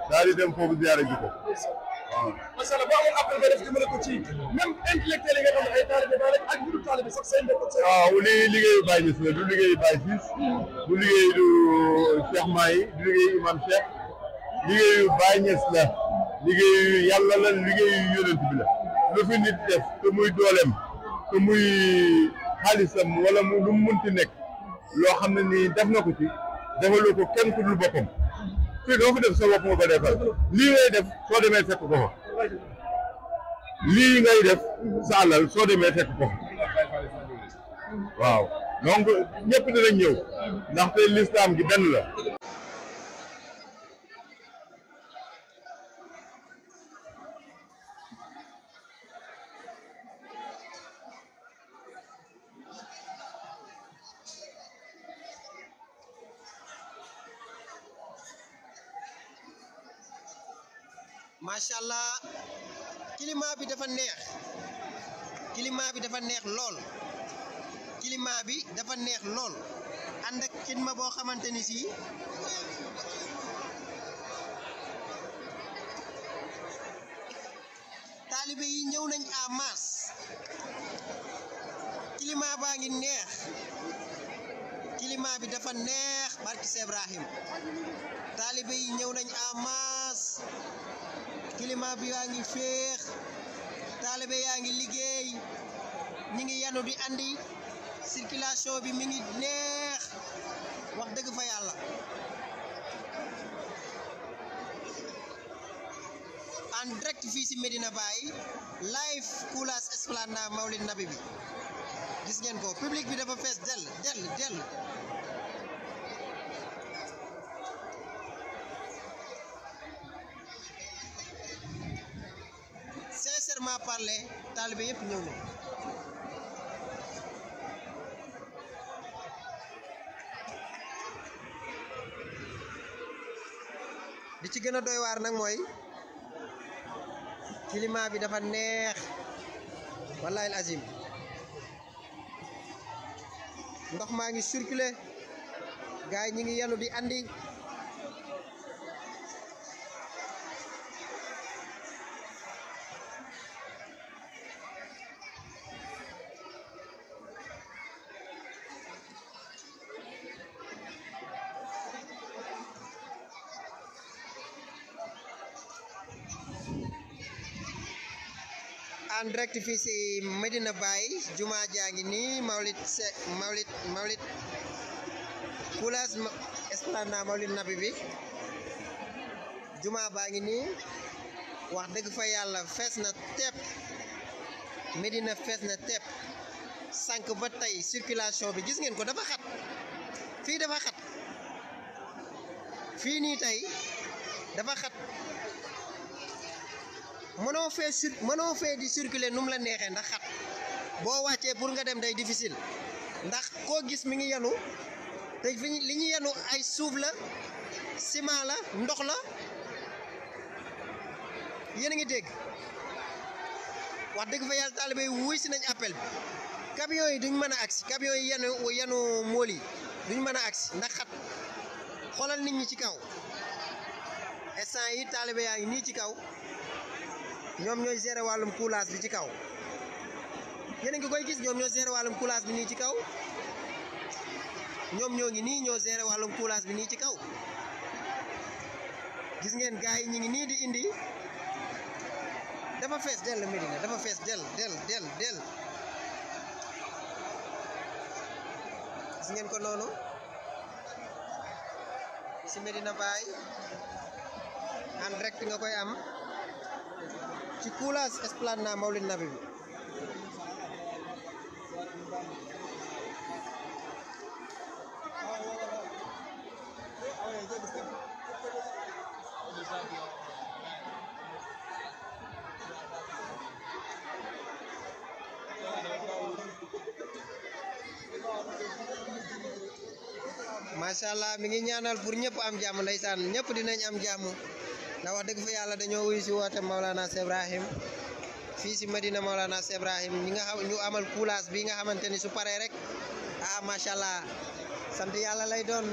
daal di dem foofu ziyaare ji ko macha allah boo amoon appel nga def jëmale waaw lii liggéeyu Baye la du liggéeyu Baye Ciss du liggéeyu du Cheikh Mahi du liggéeyu la liggéeyu yàlla la liggéeyu yonent bi la lu fi nit def te muy dooleem te muy xaalisam wala mu lu mu nekk loo xam ne nii def na ko ci defaloo ko kenn ku dul boppam fii doo ko def sa bopp nga ko defal lii ngay def soo demee fekk ko fa lii ngay def sa alal soo demee fekk ko fa waaw donc ñëpp dinañ ñëw ndaxte lislaam gi benn la bi dafa neex climat bi dafa neex lol climat bi dafa neex lol and ak xidma bo xamanteni si talibé yi ñew nañ à masse climat ba ngi neex climat bi dafa neex barki Ibrahim talibé yi ñew nañ masse climat bi ngi feex taalibe yaa ngi liggéey ñi ngi yanu di andi circulation bi mi ngi neex wax dëgg fa yàlla en direct fii ci Medina Baye live Koulas Esplanade Mawlid Nabi bi gis ngeen ko public bi dafa fees dell dell dell parler, talibé yépp ñëw na li ci gën a doy waar nag mooy climat bi dafa neex wallahi azim ndox maa ngi circulé gaay ñi ngi yenu di andi direct fii si Medina Baye jumaa jaa ngi nii Mawlid se Mawlid Mawlid place Esplanade Mawlid Nabi bi jumaa baa ngi nii wax dëgg fa yàlla fees na tepp Medina fees na teeb sànq ba tey circulation bi gis ngeen ko dafa xat fii dafa xat fii nii tey dafa xat mënoo fee sur mënoo fee di circuler nu mu la neexee ndax xat boo wàccee pour nga dem day difficile ndax koo gis mi ngi yanu te fi li ñu yanu ay suuf la ciment la ndox la yéen a ngi dégg wax dëgg fa yàlla taalibe yi wuy si nañ appel bi camion yi duñ mën a agsi camion yi yanu yanu mool yi duñ mën a agsi ndax xat xoolal nit ñi ci kaw instant yi taalibe yaa ngi nii ci kaw ñoom ñooy gérer wàllum coulage bi ci kaw yéen a koy gis ñoom ñoo gérer wàllum coulage bi nii ci kaw ñoom ñoo ngi nii ñoo gérer wàllum coulage bi nii ci kaw gis ngeen gars yi ñu ngi nii di indi dafa fees dell Médina dafa fees dell dell dell del gis ngeen ko noonu si Médina Baye en direct nga koy am ci coulage esplanade Mawlid Nabi bi Masya Allah mi ngi am jamu naisan, ñëpp dinanya am jamu. ndax wax dëgg fa yàlla dañoo wuyu si woote Maulana Cheikh Ibrahim fii si Medina Maulana Cheikh Ibrahim ñi nga xam ñu amal coulage bi nga xamante ni su paree rek ah macha allah sant yàlla lay doon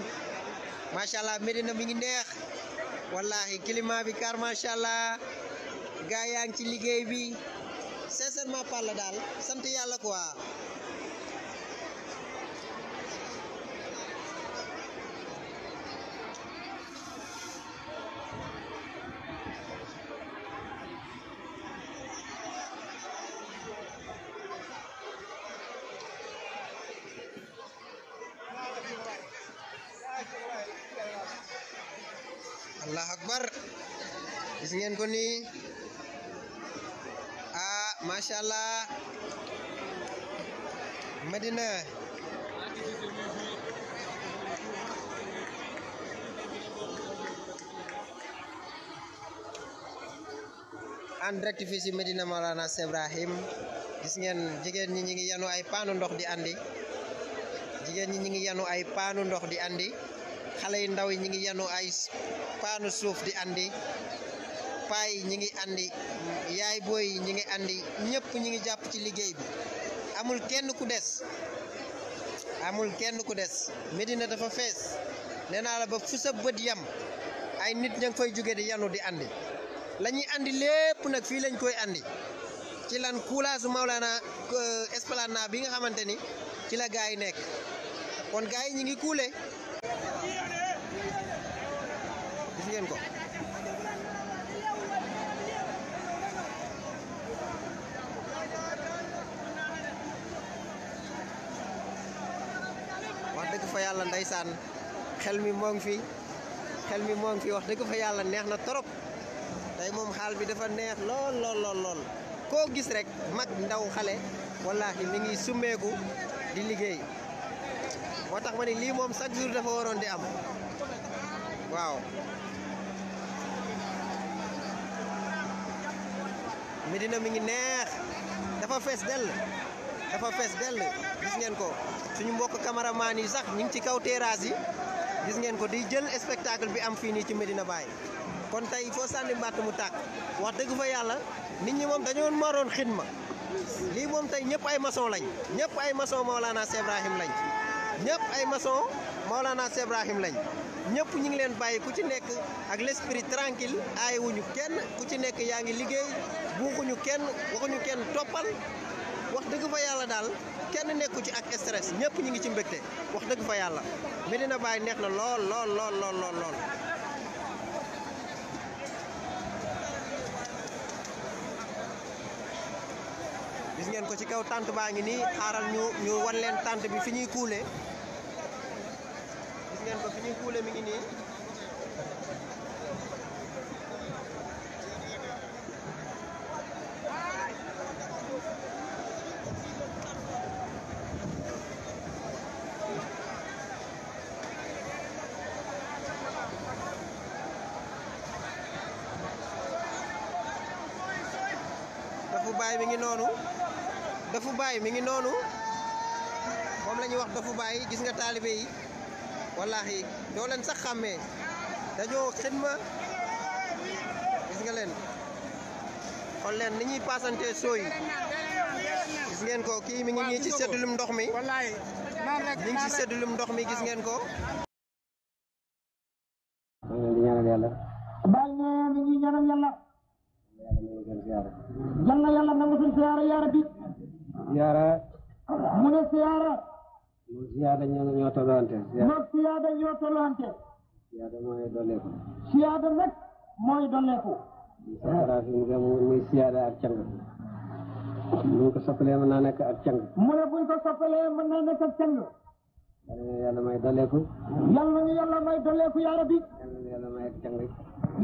macha allah Medina mi ngi neex wallahi climat bi car macha allah gaa yaa ngi ci liggéey bi sincèrement parle daal sant yàlla quoi. Allah Akbar isengen ko ni ah masya Allah Medina Andre Divisi Medina Maulana Sebrahim Ibrahim gis ni nyingi yanu ay paanu ndox di andi jigéen ni nyingi yanu ay paanu ndox di andi xale yanu ay paanu suuf di andi pay ñi ngi andi yaay boy ñi ngi andi ñepp ñi ngi japp ci liggey bi amul kenn ku amul kenn ku des medina dafa fess neena la ba fu sa yam ay nit ñang fay di yanu di andi la andi lepp nak fi lañ koy andi ci lan coulage maulana euh, esplanade bi nga xamanteni ni ci la gaay nekk kon gaay ñi ngi kuule yàlla ndeysaan xel mi moo ngi fi xel mi moo ngi fi wax dëgg fa yàlla neex na trop tey moom xaal bi dafa neex lool lool lool koo gis rek mag ndaw xale wallaahi mi ngi summeeku di liggéey moo tax ma ne lii moom chaque jour dafa waroon di am waaw Médina mi ngi neex dafa fees dell dafa fees dell gis ngeen ko suñu mbokk caméraman yi sax ñu ngi ci kaw terrasse yi gis ngeen ko di jël spectacle bi am fii nii ci Medina bàyyi kon tey foo sànni mbàtt mu tàkk wax dëgg fa yàlla nit ñi moom dañoo maroon xidma lii moom tey ñëpp ay maçon lañ ñëpp ay maçon Maolana Cheikh Ibrahim lañ ñëpp ay maçon Maolana Cheikh lañ ñëpp ñu ngi leen bàyyi ku ci nekk ak l'esprit tranquille aayewuñu kenn ku ci nekk yaa ngi liggéey buuxuñu kenn waxuñu kenn toppal wax deug fa yalla dal kenn nekku ci ak stress ñepp ñi ngi ci mbekté wax deug fa yalla Medina bay neex na lol lol lol lol lol lol gis ngeen ko ci kaw tante ba ngi ni xaaral ñu ñu wan leen tante bi fi ñuy kuule gis ngeen ko fi ñuy kuule mi ngi ni noonu dafu baay mi ngi noonu moom la ñuy wax dafu baay gis nga taalibe yi wallaahi doo leen sax xàmmee dañoo xidma gis nga leen xool leen ni ñuy pasante soo yi gis ngeen ko kii mi ngi nii ci seddulum ndox mi mi ngi ci seddulum ndox mi gis ngeen ko ma yaa rabbi ziyaara mu ne ziyaara mu ziyaada ñoo ñoo tolloonte moom ziyaada ñoo tolloonte ziyaada mooy dolleeku ziyaada nag mooy dolleeku sarafi nga muy ziyaada ak cang buñ ko soppalee mën naa nekk ak cang mu ne buñ ko soppalee mën naa nekk ak cang yàlla may dolleeku yàlla ñu yàlla may dolleeku yaa rabbi ak càng rek.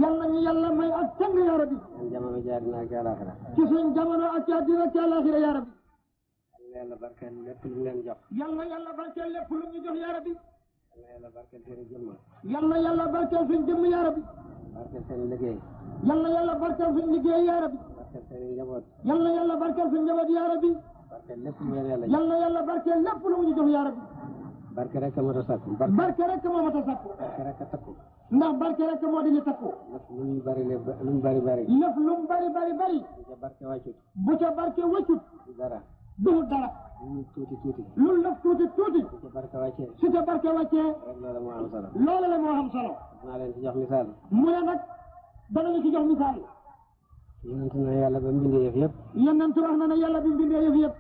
yàlla ñu yàlla may ak càng yaa rabbi. seen jamono ci àddina ak àllaaxira. ci seen jamono ak ci àddina ak ci àllaaxira yaa rabbi. yàlla barkeel lépp lu leen jox. yàlla yàlla barkeel lépp lu ñu jox yaa rabbi. yàlla yàlla barkeel seen jëmm. yàlla yàlla barkeel seen jëmm yaa rabbi. barkeel seen liggéey. yàlla yàlla barkeel seen liggéey yaa rabbi. barkeel seen njaboot. yàlla yàlla barkeel seen njaboot yaa rabbi. barkeel lépp lu leen yàlla jox. yàlla yàlla barkeel lépp lu ñu jox yaa rabbi. barke rek moo ma ta sàkku. barke rek moo ma ta sàkku. barke rek a takku. ndax barke rek moo di li takku. lëf lu mu bari lu mu bari bari. lëf lu mu bari bari bari. bu ca barke wàccut. bu ca barke wàccut. du dara. du dara. lu tuuti tuuti. lu lëf tuuti tuuti. su ca barke wàccee. su ca barke wàccee. loola moo am solo. loola la moo am solo. naa leen ci jox misaal. mu ne nag danañu ci jox misaal. yonent na yàlla ba mu bindee yëf yëpp. yonent wax na ne yàlla bi mu bindee yëf yëpp.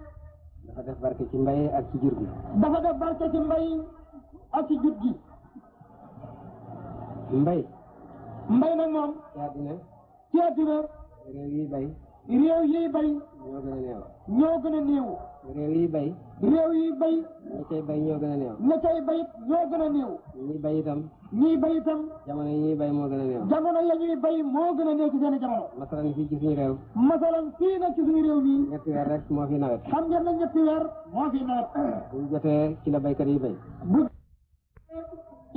dafa def barke ci mbay ak ci jur gi. dafa def barke ci mbay ak ci jur gi. mbay mbay nag moom ci àddina ci àddina réew yi bay réew yi bay ñoo gën a néew ñoo gën a néew réew yi bay réew yi bay ña cay bay ñoo gën a néew ña cay bay ñoo gën a néew ñii bay itam ñii bay itam jamono yi ñuy bay moo gën a néew jamono ya ñuy bay moo gën a néew ci seen jamono masalan fii ci suñu réew masalan fii nag ci suñu réew mii ñetti weer rek moo fi nawet xam ngeen na ñetti weer moo fi nawet bu jotee ci la baykat yi bay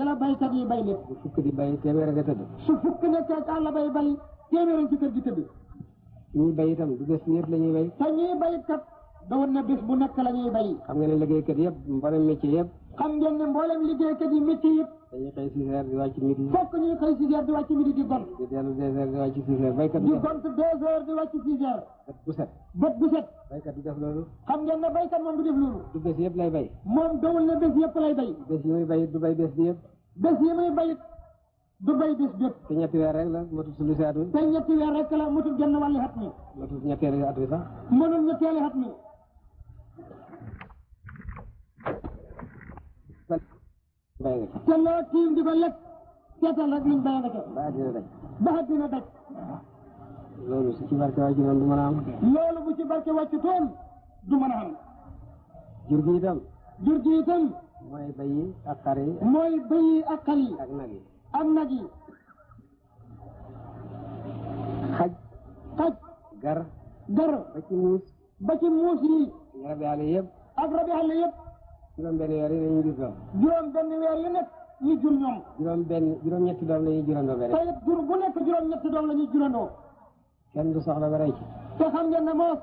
ca la baykat yi bay lépp. bu fukk di bay téeméer a nga tëdd. su fukk nekkee ca la bay bay téeméer ci kër gi tëdd. ñuy bay itam du bés ñëpp la ñuy bay. te ñuy baykat doon na bés bu nekk la ñuy bay. xam nga ne liggéeykat yëpp mboolem métier yëpp. xam ngeen ne mboolem liggéeykat yi métti yëpp. dañuy xëy six heures di wàcc midi. fokk ñuy xëy six heures di wàcc midi di gont. di dellu deux heures di wàcc six heures. baykat bi di gont deux heures di wàcc six heures. bët bu set. bët bu set. baykat bi def loolu. xam ngeen ne baykat moom du def loolu. du bés yëpp lay bay. moom dawul ne bés yëpp lay bay. bés yi muy bay du bay bés bi yëpp. bés yi muy bay du bay bés bépp. te ñetti weer rek la motul sulu si at mi. te ñetti weer rek la motul genn wàllu at mi. motul ñetteelu at mi sax. mënul ñetteelu at mi. te loo tiim di ko lekk seetal rek lim béy na ko. ba dina daj. ba dina daj. loolu su ci barke wàcc noonu du mën a am. loolu bu ci barke wàcc toon du mën a am. jur gi itam. jur gi itam. mooy béy yi ak xar yi. mooy béy yi ak xar yi. ak nag yi. ak nag yi. xaj. xaj. gar. gar. ba ci muus. ba ci muus yi. rabi àll yëpp. ak rabi àll yëpp. juróom benn weer yi dañuy jur doom. juróom benn weer yi nekk ñu jur ñoom. juróom benn juróom ñetti doom la ñuy jurandoo ba tey jur bu juróom ñetti doom la ñuy jurandoo. kenn du soxla ba rey te xam ngeen ne moos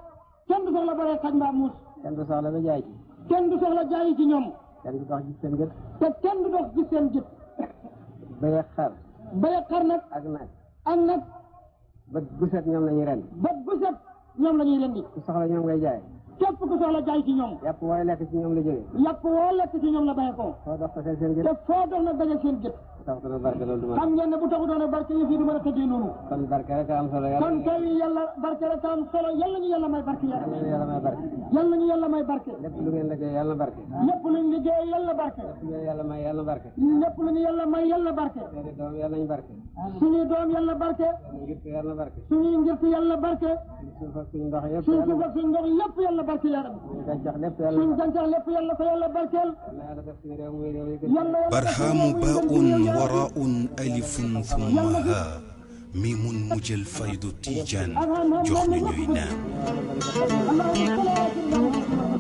kenn du soxla ba rey xaj mbaa jaay ci. kenn du soxla jaay ci ñoom. kenn du te kenn du dox gis seen gët. bële xar. bële xar nag. ak nag ak nag. bët bu set ñoom la ñuy rendi. bët bu set ñoom la ñuy rendi. ku soxla ñoom ngay jaay. képp ku soxla jaay ci ñoom. yàpp woo lekk ci ñoom la jógee. yàpp woo lekk ci ñoom la bàyyi ko. foo dox ko seen gët. te foo dox nag daje seen gët. xam ngeen ne bu taxu doon barke yi fii du mën a tëjee noonu. kon barke rek am solo yàlla. kon kay yàlla barke rek am solo yàlla ñu yàlla may barke yàlla. yàlla may barke. yàlla ñu yàlla may barke. lépp lu ngeen liggéey yàlla barke. lépp lu ñu liggéey yàlla barke. lépp lu ñu yàlla may yàlla barke. lépp lu ñu yàlla may yàlla barke. سني دوم يلا بركة سني يلا بركة سني سوف سندق يب يلا بركة يا يلا يلا برهام باء وراء ألف ثم ها ميم مجل فيض تيجان جخن نيوينا